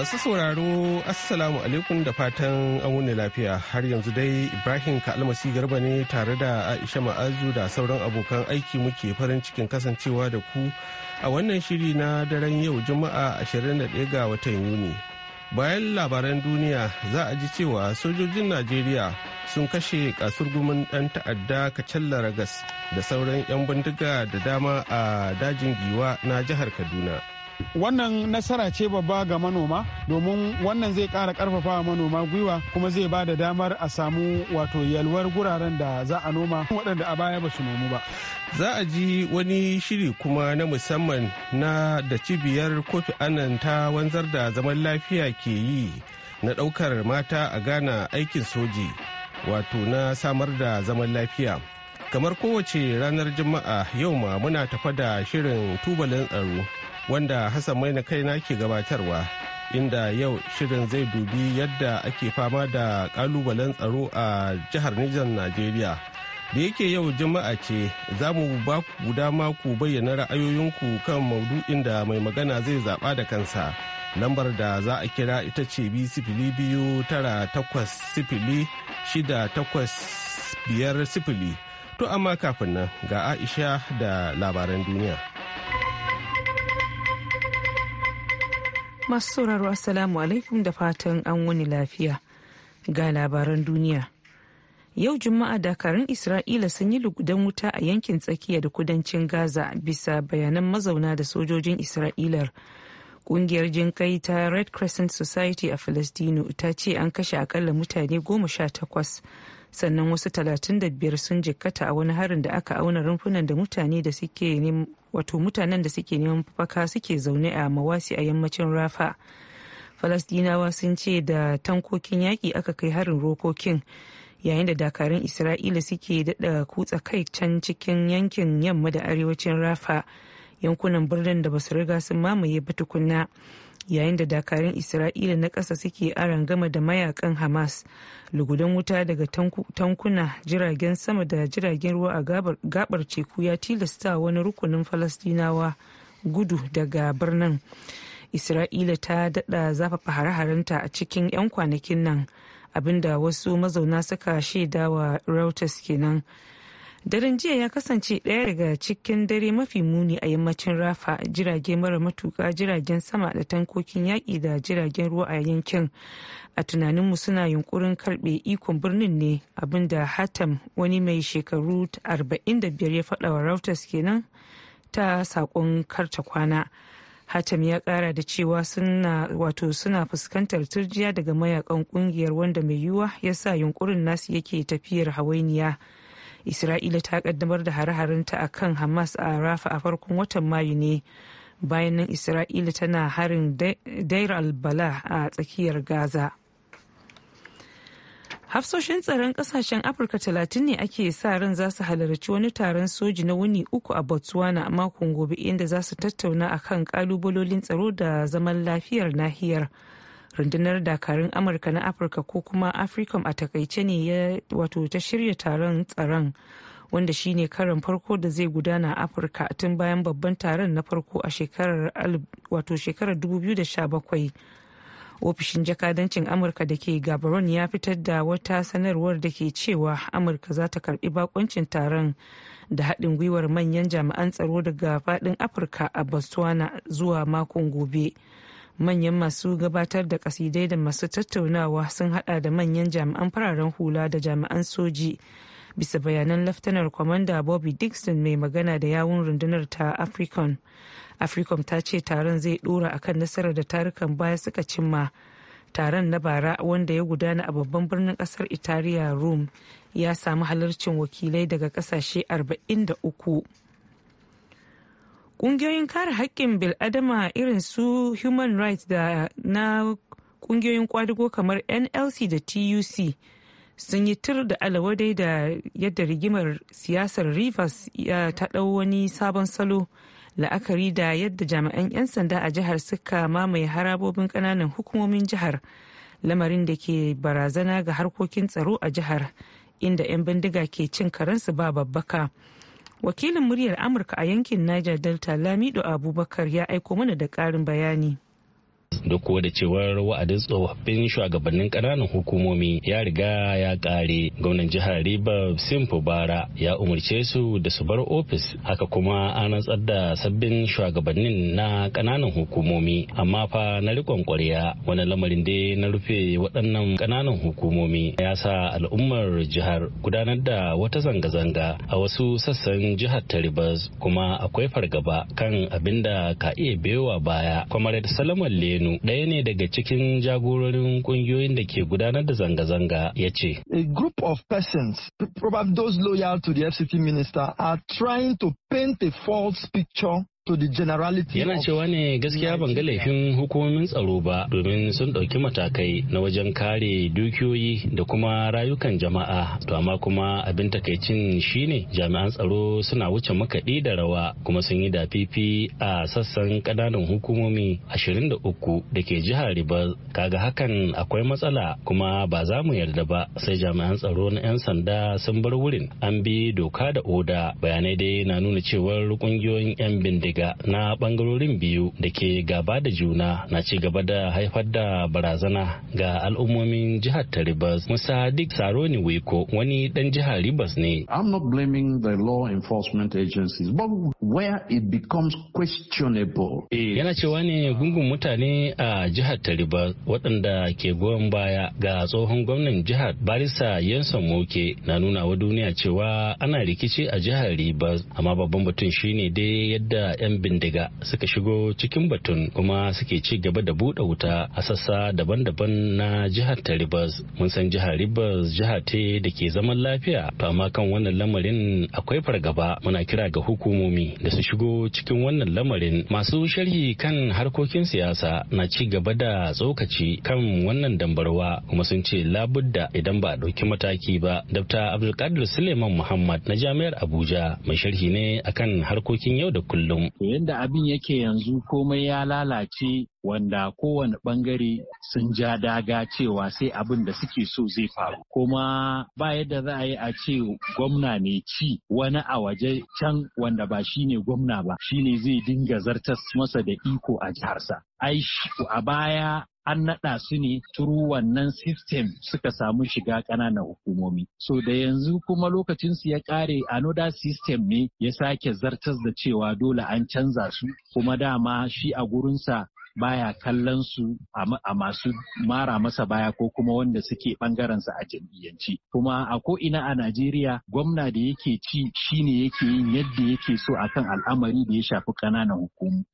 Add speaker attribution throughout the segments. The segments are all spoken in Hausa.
Speaker 1: Masu sauraro Assalamu alaikum da fatan an wuni lafiya har yanzu dai Ibrahim Kalmasi Garba ne tare da Aisha Ma'azu da sauran abokan aiki muke farin cikin kasancewa da ku a wannan shiri na daren yau Juma'a 21 ga watan Yuni. Bayan labaran duniya za a ji cewa sojojin Najeriya sun kashe kasurgumin dan ta'adda Kacalla Ragas da sauran 'yan bindiga da dama a dajin Giwa na jihar Kaduna. wannan
Speaker 2: nasara ce babba ga manoma domin wannan zai kara karfafa manoma gwiwa kuma zai ba da damar a samu wato yalwar guraren da za a noma waɗanda a baya ba su nomu ba
Speaker 1: za a ji wani shiri kuma na musamman na da cibiyar kofi anan ta wanzar da zaman lafiya ke yi na ɗaukar mata a gana aikin soji wato na samar da zaman lafiya kamar kowace ranar juma'a yau ma muna tafa da shirin tubalin tsaro wanda Hassan Maina kaina ke gabatarwa inda yau shirin zai dubi yadda ake fama da kalubalen tsaro a jihar Nijar Najeriya. Da yake yau juma'a ce za mu ba ku dama ku bayyana ra'ayoyinku kan maudu'in da mai magana zai zaɓa da kansa. lambar da za a kira ita ce bi sifili biyu tara takwas sifili shida takwas biyar sifili to amma kafin nan ga aisha da labaran duniya
Speaker 3: masu sauraro assalamu alaikum da fatan an wani lafiya ga labaran duniya yau juma'a dakarun isra'ila sun yi lugudan wuta a yankin tsakiya da kudancin gaza bisa bayanan mazauna da sojojin isra'ilar kungiyar jinkai ta red crescent society a falastino ta ce an kashe akalla mutane goma sha takwas sannan wasu 35 sun jikkata a wani harin da aka auna rumfunan da mutane da suke wato mutanen da suke neman mafaka suke zaune a mawasi a yammacin rafa falasdinawa sun ce da tankokin yaƙi aka kai harin rokokin yayin da dakarun isra'ila suke daɗa kutsa kai can cikin yankin yamma da arewacin rafa yankunan birnin da basu riga sun mamaye ba tukunna yayin da dakarun isra'ila na ƙasa suke gama da mayakan hamas lugudan wuta daga tankuna jiragen sama da jiragen ruwa a gabar teku ya tilasta wani rukunin falastinawa gudu daga birnin isra'ila ta daɗa zafafa hare-harenta a cikin 'yan kwanakin nan abinda wasu mazauna suka shaidawa reuters kenan daren jiya ya kasance ɗaya daga cikin dare mafi muni a yammacin rafa jirage mara matuka jiragen sama da tankokin yaƙi da jiragen ruwa a yankin a tunaninmu suna yunkurin karɓe ikon birnin ne abinda hatam wani mai shekaru 45 ya faɗa wa reuters kenan ta saƙon karta kwana hatam ya ƙara da cewa suna wato suna fuskantar turjiya daga mayakan ƙungiyar wanda mai yiwuwa ya sa yunkurin nasu yake tafiyar hawainiya isra'ila ta kaddamar da hare-harenta a kan hamas a rafa a farkon watan mayu ne bayan nan isra'ila tana harin dair al-bala a tsakiyar gaza hafsoshin tsaron kasashen afirka 30 ne ake sa ran za su halarci wani taron soji na wuni uku a botswana a makon gobe inda za su tattauna akan kalubalolin tsaro da zaman lafiyar nahiyar. rundunar dakarun amurka na afirka ko kuma africom a takaice ne ya wato ta shirya taron tsaron wanda shine karin farko da zai gudana a afirka tun bayan babban taron na farko a shekarar 2017 ofishin jakadancin amurka da ke gabaron ya fitar da wata sanarwar da ke cewa amurka za ta karbi bakoncin taron da haɗin gwiwar manyan jami'an tsaro daga faɗin afirka a botswana zuwa makon gobe manyan masu gabatar da kasidai da masu tattaunawa sun hada da manyan jami'an fararen hula da jami'an soji bisa bayanan laftanar kwamanda bobby dixon mai magana da yawun rundunar ta african africom ta ce taron zai dora kan nasarar da tarukan baya suka cimma taron na bara wanda ya gudana a babban birnin kasar italiya rome ya samu halarcin wakilai daga kasashe 43 kungiyoyin kare haƙƙin bil'adama irin su human rights da na kungiyoyin kwadugo kamar nlc da tuc sun yi tur da alawadai da yadda rigimar siyasar rivers ta ɗau wani sabon salo la'akari da yadda jami'an 'yan sanda a jihar suka mamaye harabobin ƙananan hukumomin jihar lamarin da ke barazana ga harkokin tsaro a jihar inda 'yan bindiga ke cin karensu ba babbaka. wakilin muryar amurka a yankin niger delta lamido abubakar ya aiko mana da ƙarin bayani
Speaker 4: duk kuwa da cewar wa'adin tsofaffin shugabannin ƙananan hukumomi ya riga ya ƙare gwamnan jihar riba simfu bara ya umarce su da su bar ofis haka kuma an rantsar da sabbin shugabannin na ƙananan hukumomi amma fa na rikon kwarya wani lamarin dai na rufe waɗannan ƙananan hukumomi ya sa al'ummar jihar gudanar da wata zanga-zanga a wasu sassan jihar ta ribas kuma akwai fargaba kan abinda ka iya baya kwamar da salamar ɗaya ne daga cikin jagororin da ke gudanar da zanga-zanga ya
Speaker 5: ce.
Speaker 6: A group of persons, probably those loyal to the FCT minister, are trying to paint a false picture to the generality yana
Speaker 4: cewa ne gaskiya ban ga laifin hukumomin tsaro ba domin sun ɗauki matakai na wajen kare dukiyoyi da kuma rayukan jama'a to amma kuma abin takaicin shine jami'an tsaro suna wuce makaɗi da rawa kuma sun yi dafifi a sassan ƙananan hukumomi ashirin da uku ke jihar riba kaga hakan akwai matsala kuma ba za mu yarda ba sai jami'an tsaro na 'yan sanda sun bar wurin an bi doka da oda bayanai dai na nuna cewar ƙungiyoyin 'yan bindiga ga na bangarorin biyu da ke gaba da juna na ci gaba da haifar da barazana ga al'ummomin jihar ta ribas Musa Dik Saroni Weko wani dan jihar Rivers ne. I'm not blaming the law enforcement
Speaker 7: agencies but where it becomes questionable.
Speaker 4: Yana cewa ne gungun mutane a jihar ta ribas waɗanda ke goyon baya ga tsohon gwamnan jihar Barisa Yansan Moke na nuna wa duniya cewa ana rikici a jihar ribas amma babban batun shine dai yadda 'yan bindiga suka shigo cikin batun kuma suke ci gaba da buɗe wuta a sassa daban-daban na jihar ta ribas Mun san jihar ribas jiha ce da ke zaman lafiya to amma kan wannan lamarin akwai fargaba muna kira ga hukumomi da su shigo cikin wannan lamarin masu sharhi kan harkokin siyasa na ci gaba da tsokaci kan wannan dambarwa kuma sun ce labudda idan ba a ɗauki mataki ba dabta abdulkadir suleiman muhammad na jami'ar abuja mai sharhi ne akan harkokin yau da kullum
Speaker 7: To yadda abin yake yanzu komai ya lalace wanda kowane bangare sun ja daga cewa sai abin da suke so zai faru. Kuma ba yadda za a yi a ce gwamna ne ci wani a waje can wanda ba shi ne gwamna ba shi ne zai dinga zartas masa da iko a jiharsa. Ai a baya an naɗa su ne turu wannan system suka samu shiga ƙananan hukumomi. So da yanzu kuma lokacinsu ya ƙare anoda system ne ya sake zartas da cewa dole an canza su kuma dama shi a gurinsa baya kallon su a masu mara masa baya ko kuma wanda suke sa a jam'iyyanci kuma a ko ina a najeriya gwamna da yake ci shine yake yin yadda yake so akan al'amari da ya shafi kananan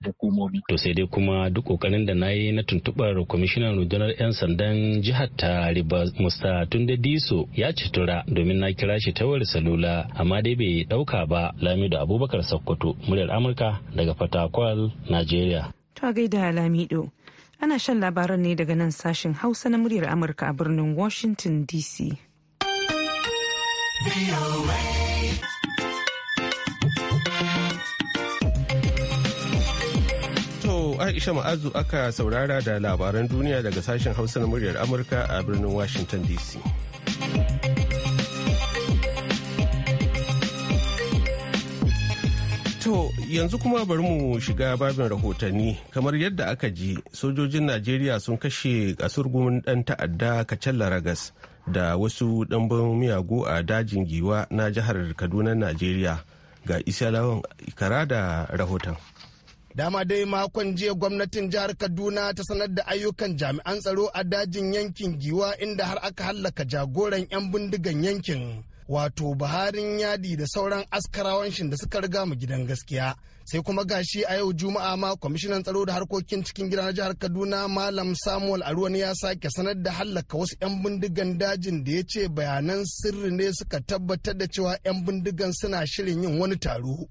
Speaker 7: hukumomi
Speaker 4: to sai dai kuma duk kokarin da na yi na tuntubar kwamishinan rundunar 'yan sandan jihar ta riba musta tunde diso ya ci tura domin na kira shi ta wayar salula amma dai bai dauka ba lamido abubakar sokoto muryar amurka daga fatakwal najeriya
Speaker 3: Ta gaida Lamido. Ana shan labaran ne daga nan sashen Hausa na muryar Amurka a birnin Washington DC.
Speaker 1: To Aisha Ma'azu aka saurara da labaran duniya daga sashen Hausa na muryar Amurka a birnin Washington DC. To yanzu kuma bari mu shiga babin rahotanni kamar yadda aka ji sojojin Najeriya sun kashe kasurgumin ɗan ta'adda Kacalla Ragas da wasu ɗanban miyagu a dajin giwa na jihar Kaduna Najeriya ga Isalawan Ikara da rahoton.
Speaker 8: dama dai makon jiya gwamnatin jihar kaduna ta sanar da ayyukan jami'an tsaro a dajin yankin giwa inda har aka hallaka jagoran 'yan bindigan yankin wato buharin yadi da sauran askarawan shin da suka riga mu gidan gaskiya sai kuma gashi a yau juma'a ma kwamishinan tsaro da harkokin cikin gida na jihar kaduna malam samuel aruwan ya sake sanar da hallaka wasu 'yan bindigan dajin da ya ce bayanan sirri ne suka tabbatar da cewa 'yan bindigan suna shirin yin wani taro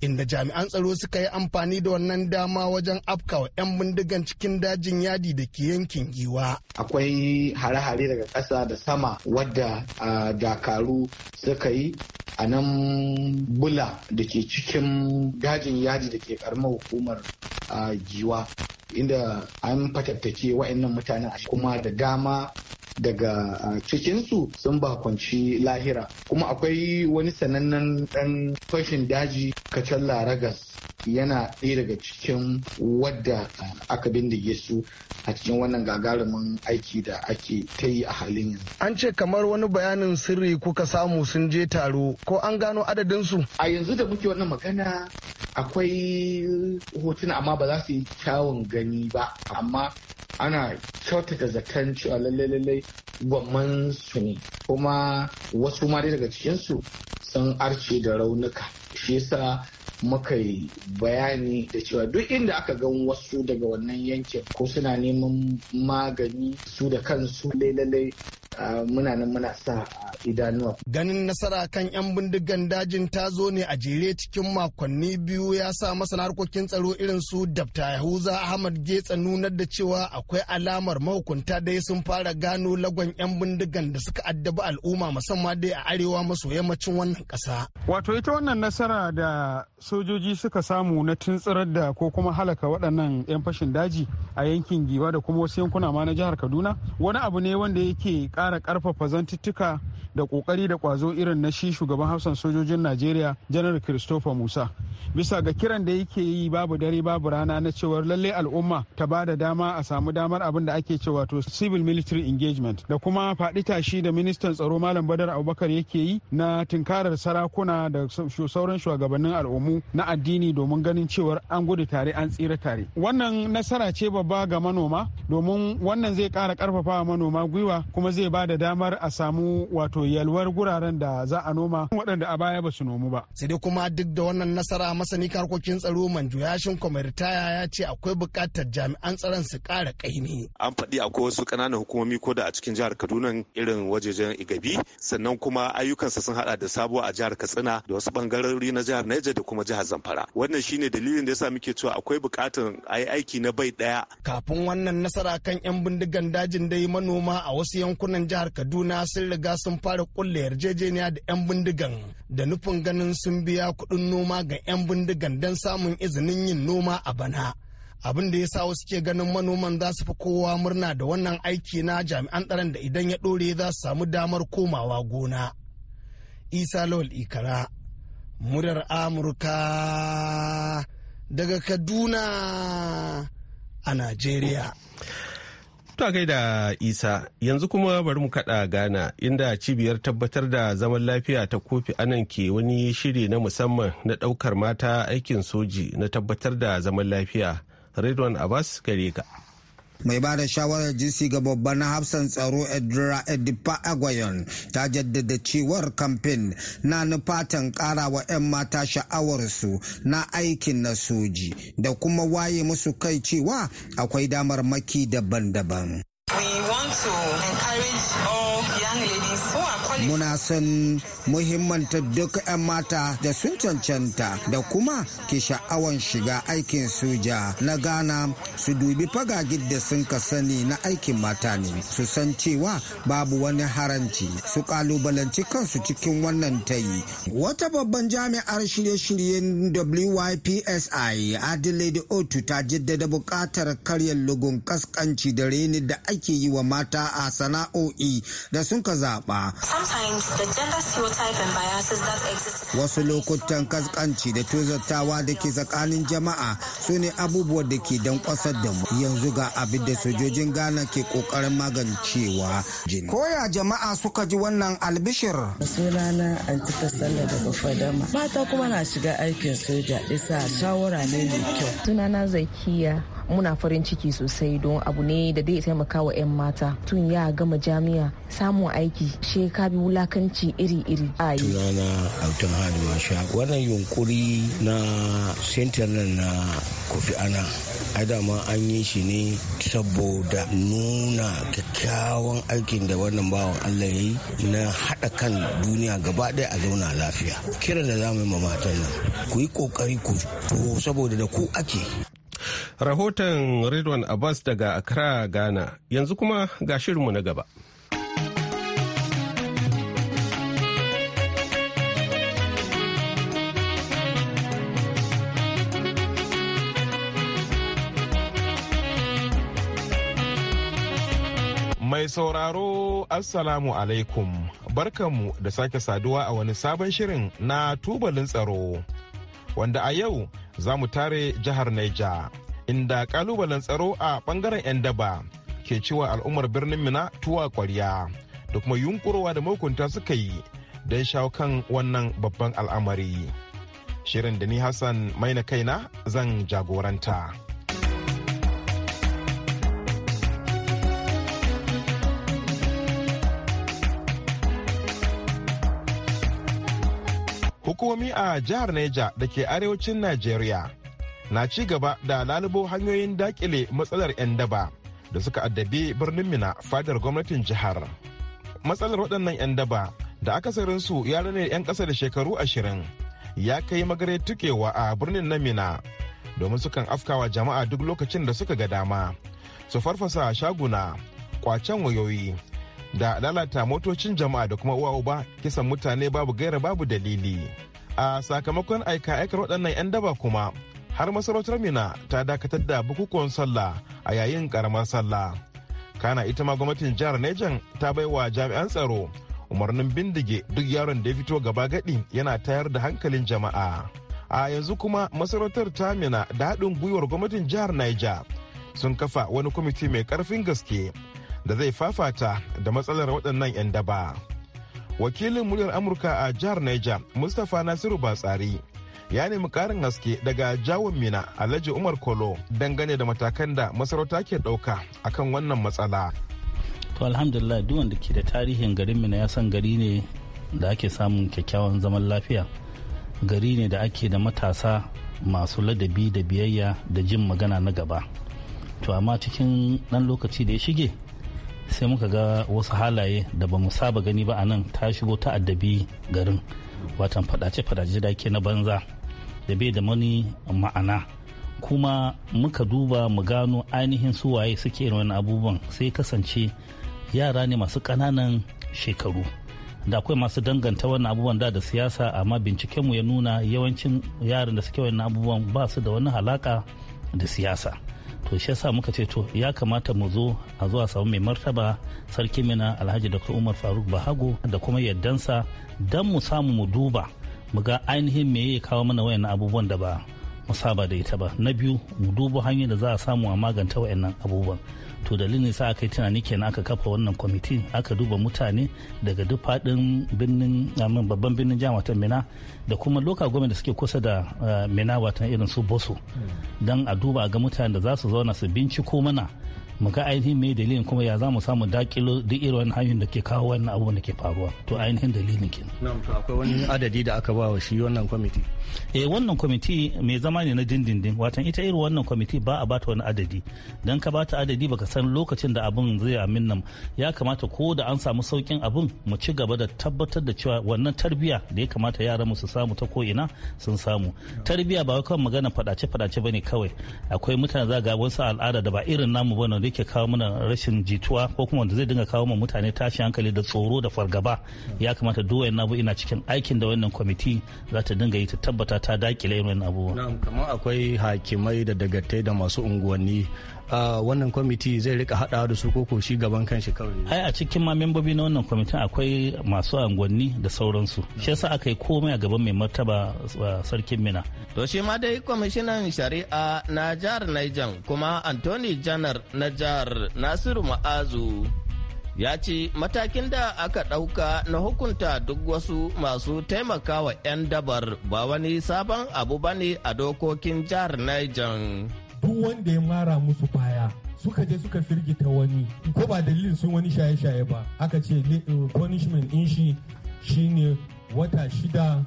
Speaker 8: inda jami'an tsaro suka yi amfani da wannan dama wajen afka wa 'yan bindigan cikin dajin yadi da ke yankin giwa.
Speaker 6: Akwai hare-hare daga ƙasa da sama wadda dakaru suka yi a nan bula da ke cikin dajin yadi da ke karamar hukumar giwa inda an fatattake wa'annan mutanen kuma da dama daga ah, cikinsu sun bakwanci lahira kuma akwai wani sanannen dan fashin daji kacan laragas yana ɗaya daga cikin wadda eh, aka bindige su a cikin wannan gagarumin aiki da ake ta yi a halin yanzu.
Speaker 8: An ce kamar wani bayanin sirri kuka samu sun je taro ko an gano adadin su? A yanzu da muke wannan magana akwai hotuna amma ba za su yi kyawun gani ba
Speaker 6: amma ana kyautata zaton cewa lallai-lallai gwamman su ne kuma wasu ma daga cikinsu sun arce da raunuka shi yasa muka yi bayani da cewa duk inda aka ga wasu daga wannan yankin ko suna neman magani su da kansu lallai muna nan
Speaker 8: muna sa idanuwa. Ganin nasara kan 'yan bindigan dajin ta zo ne a jere cikin makonni biyu ya sa masana harkokin tsaro irin su Dabta Yahuza Ahmad Getsa nunar da cewa akwai alamar mahukunta dai sun fara gano lagon 'yan bindigan da suka addabi al'umma musamman dai a arewa maso yammacin wannan kasa.
Speaker 2: Wato ita wannan nasara da sojoji suka samu na tuntsirar da ko kuma halaka waɗannan 'yan fashin daji a yankin Giba da kuma wasu yankuna ma na jihar Kaduna wani abu ne wanda yake ka ƙara ƙarfafa zantuttuka da ƙoƙari da ƙwazo irin na shi shugaban hafsan sojojin najeriya janar christopher musa bisa ga kiran da yake yi babu dare babu rana na cewar lallai al'umma ta ba da dama a samu damar abin da ake cewa to civil military engagement da kuma faɗi tashi da ministan tsaro malam badar abubakar yake yi na tinkarar sarakuna da sauran shugabannin al'ummu na addini domin ganin cewar an gudu tare an tsira tare wannan nasara ce babba ga manoma domin wannan zai ƙara ƙarfafa manoma gwiwa kuma zai ba da damar a samu wato yalwar guraren da za a noma waɗanda a baya ba su nomu ba. Sai dai kuma duk da
Speaker 8: wannan nasara masani karkokin tsaro manjo yashin kwamaritaya ya ce akwai buƙatar jami'an tsaron su ƙara ƙaimi.
Speaker 1: An faɗi akwai wasu ƙananan hukumomi ko da a cikin jihar Kaduna irin wajejen Igabi sannan kuma ayyukansa sun haɗa da sabuwa a jihar Katsina da wasu ɓangarori na jihar Niger da kuma jihar Zamfara. Wannan shine dalilin da yasa muke cewa akwai buƙatar a yi aiki na bai ɗaya.
Speaker 8: Kafin wannan nasara kan 'yan bindigan dajin dai manoma a wasu yankunan gwamnan jihar kaduna sun riga sun fara kulle yarjejeniya da 'yan bindigan da nufin ganin sun biya kudin noma ga 'yan bindigan don samun izinin yin noma a bana abin da ya sa wasu ke ganin manoman za su fi kowa murna da wannan aiki na jami'an tsaron da idan ya ɗore za su samu damar komawa gona isa lawal ikara murar amurka daga kaduna a najeriya
Speaker 1: Ta gaida Isa, yanzu kuma bari mu kaɗa gana inda cibiyar tabbatar da zaman lafiya ta kofi anan ke wani shiri na musamman na ɗaukar mata aikin soji na tabbatar da zaman lafiya. Redwan Abbas gare ka.
Speaker 9: mai bada shawarar jinsi ga babban hafsan tsaro edra edipa agwayon ta jaddada cewar kamfen na nufatan kara wa 'yan mata sha'awarsu na aikin na soji da kuma waye musu kai cewa akwai damar maki daban-daban. muna san muhimmanta duk 'yan mata da sun cancanta da kuma ke sha'awan shiga aikin soja na ghana su dubi fagagid da sun ka sani na aikin mata ne su san cewa babu wani haranci su kalubalanci kansu cikin wannan tayi wata babban jami'ar shirye-shiryen wypsi adelaide otu ta jaddada buƙatar karya lugun kaskanci da reni da ake yi wa mata a sana'o'i da sun ka zaɓa Wasu lokutan kaskanci da tozartawa da ke tsakanin jama'a su ne abubuwan da ke don kwasar da mu yanzu ga abin da sojojin Ghana ke kokarin magancewa. Koya jama'a suka ji wannan albishir.
Speaker 3: Sunana Antita da daga Fadama. Mata kuma na shiga aikin soja isa shawara ne mai kyau. Sunana Zakiya muna farin ciki sosai don abu ne da zai taimaka wa 'yan mata tun ya gama jami'a samun aiki
Speaker 10: she ka bi wulakanci iri-iri a yi tunana autan hadu sha wannan yunkuri na nan na kofi ana adama an yi shi ne saboda nuna kyakkyawan aikin da wannan bawan allah ya yi na haɗa kan duniya gaba ɗaya a zauna lafiya Kira da za mu yi ma matan nan ku yi ƙoƙari ku saboda da ku ake
Speaker 1: Rahoton Ridwan Abbas daga Accra, Ghana. Yanzu kuma ga shirinmu na gaba.
Speaker 11: Mai sauraro Assalamu alaikum barkanmu da sake saduwa a wani sabon shirin na tubalin tsaro wanda a yau za mu tare jihar Naija, inda kalubalen tsaro a bangaren 'yan daba ke cewa al'ummar birnin Mina tuwa kwarya da kuma yunkurowa da mahukunta suka yi don shawo kan wannan babban al'amari. Shirin da ni Hassan mai na kaina zan jagoranta. hukumomi a jihar Neja da ke arewacin Najeriya na ci gaba da lalubo hanyoyin dakile matsalar 'yan daba da suka addabi birnin Mina fadar gwamnatin jihar. Matsalar waɗannan 'yan daba da akasarinsu yara ne 'yan ƙasa da shekaru ashirin ya kai magare tukewa a birnin na Mina domin sukan afkawa jama'a duk lokacin da suka ga dama su farfasa shaguna, kwacen wayoyi da lalata motocin jama'a da kuma uwa uba kisan mutane babu gaira babu dalili a sakamakon aika aikar waɗannan 'yan daba kuma har masarautar mina ta dakatar da bukukuwan sallah a yayin karamar sallah kana ita ma gwamnatin jihar nejan ta bai wa jami'an tsaro umarnin bindige duk yaron da ya fito gaba gadi yana tayar da hankalin jama'a a yanzu kuma masarautar ta tamina da haɗin gwiwar gwamnatin jihar niger sun kafa wani kwamiti mai ƙarfin gaske da zai fafata da matsalar waɗannan 'yan daba. Wakilin muryar Amurka a jihar Niger, Mustapha Nasiru Batsari, ya nemi ƙarin haske daga jawon mina Alhaji Umar Kolo dangane da matakan da masarauta ke ɗauka akan wannan matsala.
Speaker 5: To alhamdulillah duk wanda ke da tarihin garin mina ya san gari ne da ake samun kyakkyawan zaman lafiya. Gari ne da ake da matasa masu ladabi da biyayya da jin magana na gaba. To amma cikin ɗan lokaci da ya shige sai muka ga wasu halaye da ba mu saba gani ba a nan ta shigo ta addabi garin watan fadace-fadace da ke na banza da bai da mani ma'ana kuma muka duba mu gano ainihin suwaye suke irin wani abubuwan sai kasance yara ne masu ƙananan shekaru da akwai masu danganta wannan abubuwan da da siyasa amma bincikenmu ya nuna yawancin yaran da suke wannan abubuwan ba su da wani halaka da siyasa to shi yasa muka ce to ya kamata mu zo a zuwa samu mai martaba sarki mina alhaji dr umar faruk bahago da kuma yardansa don mu samu mu duba mu ga ainihin me ya kawo mana wayannan abubuwan da ba mu saba da ita ba na biyu mu duba hanyar da za a samu a maganta wayannan abubuwan to dalilin sa aka yi tunani kenan aka kafa wannan kwamiti aka duba mutane daga duk faɗin birnin babban birnin jihar wata mina da kuma loka gwamnati da suke kusa da eh, mina watan irin su boso hmm. don a duba a ga mutane da za su zauna su binciko mana mu ga ainihin me dalilin kuma ya za mu samu dakilo duk irin hanyoyin da ke kawo wannan abubuwan da ke faruwa to ainihin dalilin ke to akwai wani adadi da aka ba wa shi wannan kwamiti eh wannan kwamiti mai zama ne na dindindin watan ita irin wannan kwamiti ba a bata wani adadi dan ka bata adadi baka san lokacin da abun zai amin nan ya kamata ko da an samu saukin abun mu ci gaba da tabbatar da cewa wannan tarbiya da ya kamata yaran mu su samu ta ko ina sun samu tarbiya ba kawai magana fadace fadace bane kawai akwai mutane za ga wasu al'ada da ba irin namu bane da yake kawo mana rashin jituwa ko kuma wanda zai dinga kawo mana mutane tashi hankali da tsoro da fargaba ya kamata duk wayan abu ina cikin aikin da wannan kwamiti za ta dinga yi ta tabbata ta dakile
Speaker 10: irin abubuwa kamar akwai hakimai da dagatai da masu unguwanni wannan kwamiti zai rika hada da su koko shi gaban kanshi kawai
Speaker 5: ai a cikin ma membobi na wannan kwamitin akwai masu unguwanni da sauransu shi yasa aka yi komai a gaban mai martaba sarkin mina
Speaker 10: to shi ma dai kwamishinan shari'a na jihar Niger kuma Anthony Janar na jihar Nasiru Ma'azu ya ce matakin da aka ɗauka na hukunta duk wasu masu taimakawa 'yan dabar ba wani sabon abu ba ne a dokokin jihar Niger.
Speaker 11: Duk wanda ya mara musu baya suka je suka firgita wani ko ba dalilin sun wani shaye-shaye ba aka ce eh, punishment in shi shine wata shida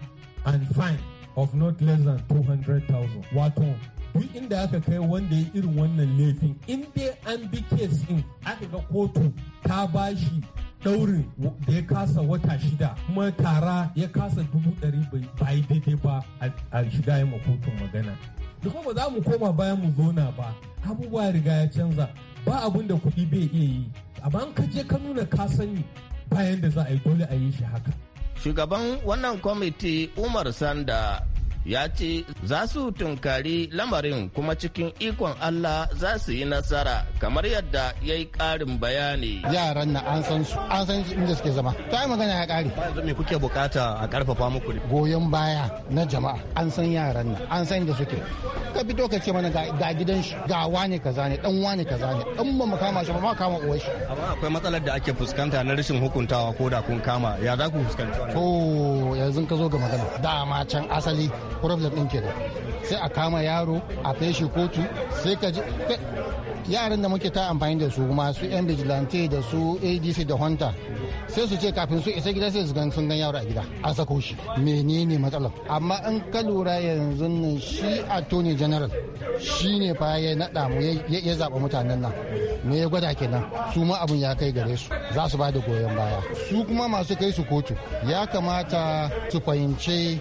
Speaker 11: and fine of not less than 200,000 wato duk inda aka kai wanda ya irin wannan laifin in dai an bi kes in aka ga kotu ta bashi daurin da ya kasa wata shida kuma tara ya kasa dubu ɗari ba daidai ba a shiga
Speaker 1: yi kotun magana da kuma za mu koma bayan mu zona ba abubuwa riga ya canza ba abin da kuɗi bai iya yi amma an kaje ka nuna ka sani bayan da za a yi dole
Speaker 10: a yi shi haka shugaban wannan kwamiti umar sanda ya ce za su tunkari lamarin kuma cikin ikon Allah za su yi nasara kamar yadda ya yi ƙarin bayani.
Speaker 12: Yaran na an san su, an san inda suke zama. Ta yi magana ya ƙare. Ba me kuke bukata a ƙarfafa muku ne? Goyon baya na jama'a an san yaran na, an san inda suke. Ka fito ka ce mana ga gidan shi, ga wane kaza ne, dan wane kaza ne, dan ba mu kama shi ba ma kama uwar shi.
Speaker 10: Amma akwai matsalar da ake fuskanta na rashin hukuntawa ko da kun kama, ya za ku fuskanta.
Speaker 12: To yanzu ka zo ga magana. Dama can asali hablar ¿qué kenan sai a kama yaro a kai shi kotu sai ka ji yaran da muke ta amfani da su masu yan vigilante da su adc da Hunter sai su ce kafin su isa gida sai su gan sun gan yaro a gida a sako shi menene matsalar amma in ka lura yanzu nan shi attorney general shi ne fa ya naɗa mu ya zaba mutanen nan me ya gwada kenan su ma abun ya kai gare su za su ba da goyon baya su kuma masu kai su kotu ya kamata su fahimce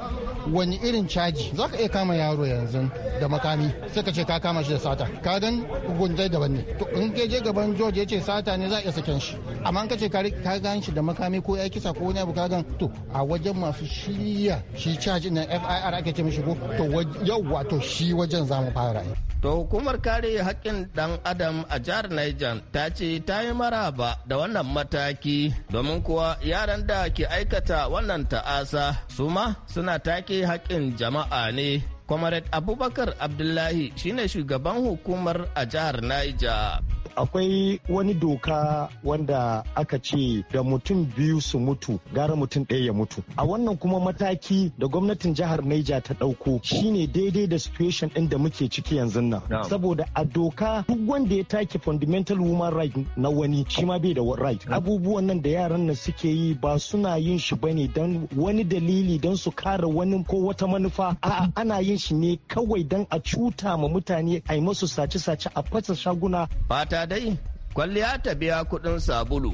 Speaker 12: wani irin caji za ka iya kama yaro yanzu da makami sai ka ce ka kama shi da sata ka gan gunzai daban ne to in ka je gaban George ya ce sata ne za a iya saken shi amma ka ce ka gan shi da makami ko ya kisa ko wani abu ka gan to a wajen masu shirya shi caji na FIR ake ce mishi ko to yau wato shi wajen za mu fara yi
Speaker 10: To hukumar kare haƙƙin ɗan adam a jihar Niger ta ce ta yi maraba da wannan mataki domin kuwa yaran da ke aikata wannan ta'asa su ma suna take haƙƙin jama'a ne Comrade Abubakar Abdullahi shine shugaban hukumar a jihar Niger.
Speaker 11: akwai wani doka wanda aka ce da mutum biyu su mutu gara mutum ɗaya ya mutu a wannan kuma mataki da gwamnatin jihar Neja ta ɗauko shine daidai da situation ɗin da muke ciki yanzu nan saboda a doka duk wanda ya take fundamental human right na wani shi ma bai da right abubuwan nan da yaran nan suke yi ba suna yin shi bane dan wani dalili dan su kare wani ko wata manufa a'a ana yin shi ne kawai dan a cuta ma mutane a yi masu sace-sace a fasa shaguna
Speaker 10: fata dai kwalliya ta biya kudin sabulu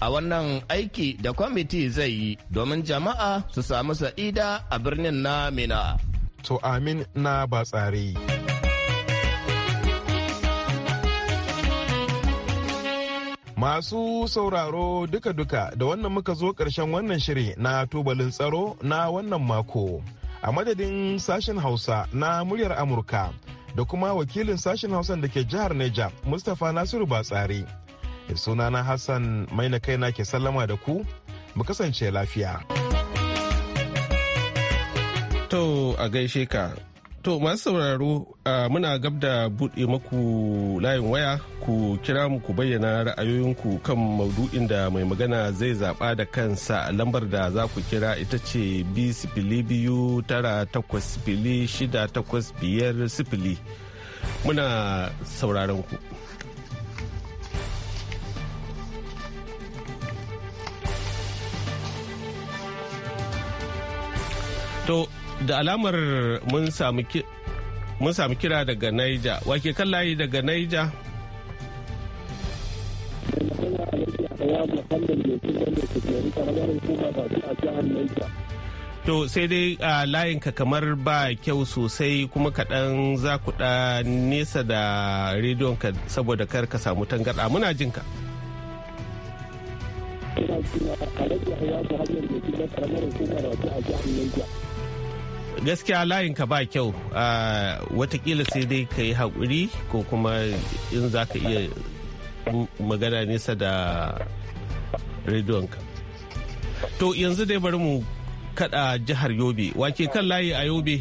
Speaker 10: a wannan aiki da kwamiti zai yi domin jama'a su samu sa'ida a birnin na mina. To
Speaker 11: amin na ba tsari. Masu sauraro duka-duka da wannan muka zo karshen wannan shiri na tubalin tsaro na wannan mako. A madadin sashen Hausa na muryar Amurka. da kuma wakilin sashen hausan da ke jihar neja mustapha nasiru batsari sunana hassan maina kaina ke sallama da ku mu kasance lafiya to a gaishe ka
Speaker 1: To masu sauraro muna gab da buɗe maku layin waya ku kira mu ku bayyana ra'ayoyinku kan maudu'in da mai magana zai zaɓa da kansa lambar da za ku kira ita ce b sifili biyu tara takwas sifili shida takwas biyar sifili muna sauraron ku. To da alamar mun samu kira daga naija wake kan layi daga naija To sai dai a ka kamar ba kyau sosai kuma kaɗan za ku ɗa nesa da rediyon ka saboda kar ka samu tangarɗa muna jin jinka.
Speaker 8: Ina a rage a ta hanyar da ke na karamar hukumar a jihar Niger.
Speaker 1: gaskiya layin ka ba kyau watakila sai dai ka yi haƙuri ko kuma in za ka iya magana nesa da rediyonka to yanzu dai bari mu kada jihar yobe wake kan layi a yobe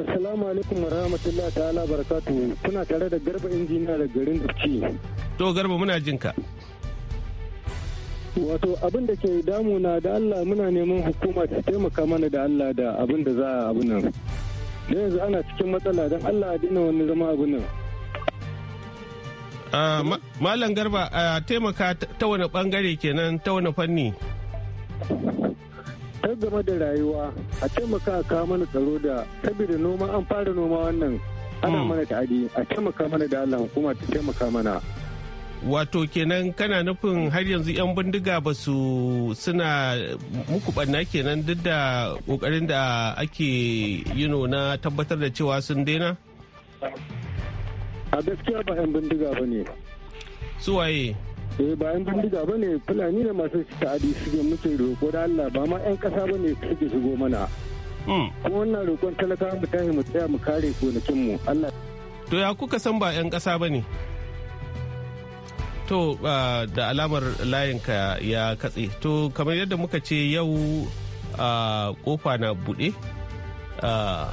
Speaker 1: Assalamu alaikum warahmatullahi ta'ala barakatu kuna tare da garba injiniya da garin Dukci. To garba muna jinka. ka. wato abin da ke damuna da allah muna neman hukuma ta taimaka mana da allah da abin da za a abin nan da yanzu ana cikin matsala don allah a dina wani zama abin nan ah, malam garba a taimaka ta wani bangare kenan ta wani fanni ta game da rayuwa a taimaka a kawo mana tsaro da saboda noma an fara noma wannan ana hmm. mana adi a taimaka mana da allah hukuma ta
Speaker 11: taimaka mana
Speaker 1: wato kenan kana nufin har yanzu 'yan bindiga ba su suna muku barna kenan duk da kokarin da ake yi na tabbatar da cewa sun daina?
Speaker 12: a gaskiya ba 'yan
Speaker 1: bindiga ba ne su waye eh ba 'yan bindiga ba ne fulani da masu ta'adi suke muke roƙo da allah ba ma 'yan ƙasa ba ne suke shigo mana hmm. kuma wannan roƙon talakawa mu tashi mu tsaya mu kare gonakinmu allah to ya kuka san ba 'yan ƙasa ba ne to ah, da alamar layinka ya katse to kamar yadda muka ce yau ah, kofa na buɗe ah,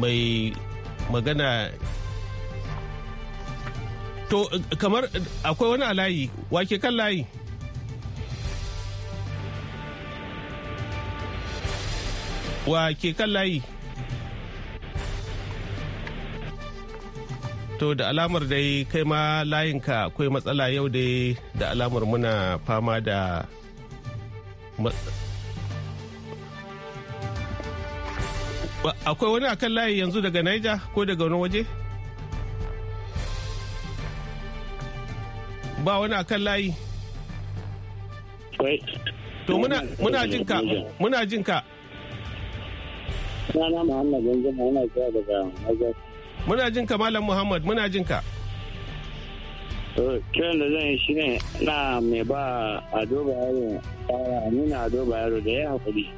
Speaker 1: mai magana to kamar akwai wani alayi wake kan layi wake kan layi to da alamar dai kai ma layinka akwai matsala yau dai da alamar muna fama da akwai wani akan layi yanzu daga Naija ko daga wani waje? ba wani akan layi to muna muna jin ka muna jin ka
Speaker 4: na na muhammad yanzu muna kira daga Niger
Speaker 1: muna jin ka malam muhammad muna jin ka
Speaker 4: kiran da zan yi shi ne na mai ba a doba yaro nuna a doba yaro da ya hakuri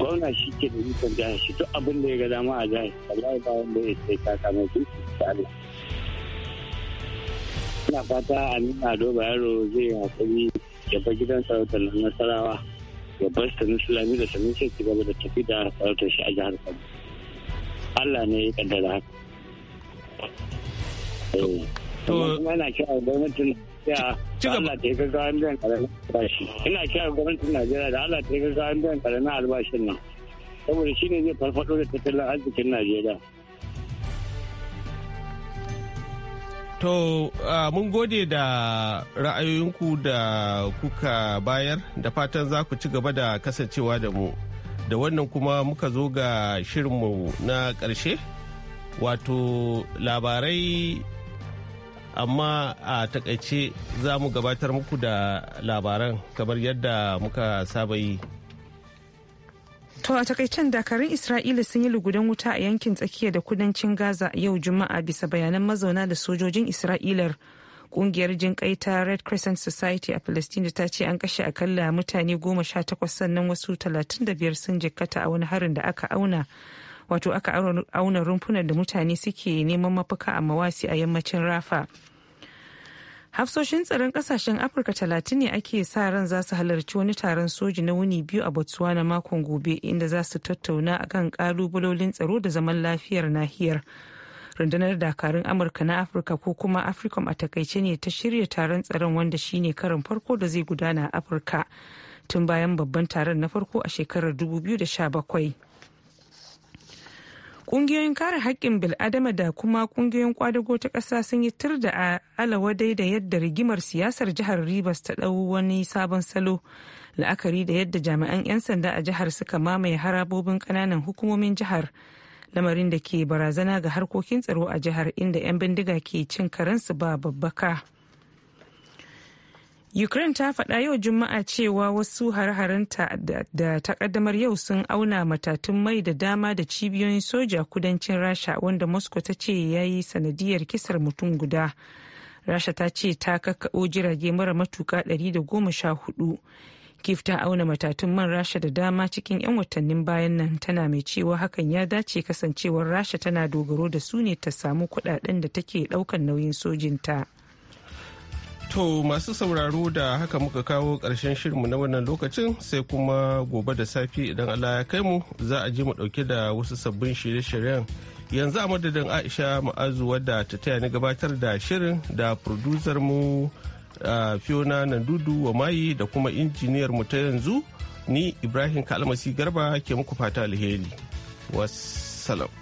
Speaker 4: gwamna shi ke da ikon jihar shi duk abin da ya ga dama a jihar wallahi ba wanda ya sai ta kama su tsari ina fata a nuna a doba yaro zai hakuri ya bar gidan sarautar nasarawa ya bar sanin sulami da sanin sai ci gaba da tafi da sarautar shi a jihar kano Allah ne ya kaddara haka To ina kira gwamnatin Najeriya da Allah ta yi gaggawa biyan karamin albashi. Ina kira gwamnatin Najeriya da Allah ta yi karamin albashin nan. Saboda shi ne zai farfado da tattalin arzikin Najeriya.
Speaker 1: To mun gode da ra'ayoyinku da kuka bayar da fatan za ku ci gaba da kasancewa da mu. Da wannan kuma muka zo ga shirinmu na ƙarshe wato labarai amma a takaice za mu gabatar muku da labaran kamar yadda muka saba yi
Speaker 3: To a takaicen dakarun Isra'ila sun yi lugudan wuta a yankin tsakiya da kudancin Gaza yau Juma'a bisa bayanan mazauna da sojojin Isra'ilar. Kungiyar jinƙai ta Red Crescent Society a Palestine ta ce an kashe akalla mutane goma sha takwas sannan wasu talatin da biyar sun jikkata a wani harin da aka auna wato aka auna rumfunan da mutane suke neman mafaka a mawasi a yammacin rafa hafsoshin tsaron kasashen afirka talatin ne ake sa ran za su halarci wani taron soji na wuni biyu a botswana makon gobe inda za su tattauna kan kalubalolin tsaro da zaman lafiyar nahiyar rundunar dakarun amurka na afirka ko kuma africom a takaice ne ta shirya taron tsaron wanda shine karin farko da zai gudana a afirka tun bayan babban taron na farko a shekarar 2017 kungiyoyin kare haƙƙin bil'adama da kuma kungiyoyin kwadago ta ƙasa sun yi tur da alawadai da yadda rigimar siyasar jihar rivers ta ɗau wani sabon salo la'akari da yadda jami'an 'yan sanda a jihar suka mamaye harabobin ƙananan hukumomin jihar lamarin da ke barazana ga harkokin tsaro a jihar inda 'yan bindiga ke cin karensu ba babbaka. Ukraine ta faɗa yau Juma'a cewa wasu har harinta da ta ƙaddamar yau sun auna matatun mai da dama da cibiyoyin soja kudancin Rasha wanda Moscow ta ce ya yi sanadiyar kisar mutum guda. Rasha ta ce ta kakkaɓo jirage mara matuka 114. Kif ta auna matatun man Rasha da dama cikin 'yan watannin bayan nan tana mai cewa hakan ya dace kasancewar Rasha tana dogaro da su ne ta samu kudaden da take daukan nauyin sojinta.
Speaker 1: To masu sauraro da haka muka kawo ƙarshen shirinmu na wannan lokacin sai kuma gobe da safi idan Allah ya kai mu za a ji mu ɗauke da wasu sabbin shirye-shiryen. Yanzu a madadin Aisha Ma'azu wadda ta taya ni gabatar da shirin da producer mu Fiona Nandudu wa mayi da kuma injiniyar mu ta yanzu ni Ibrahim Kalmasi Garba ke muku fata alheri. Wassalam.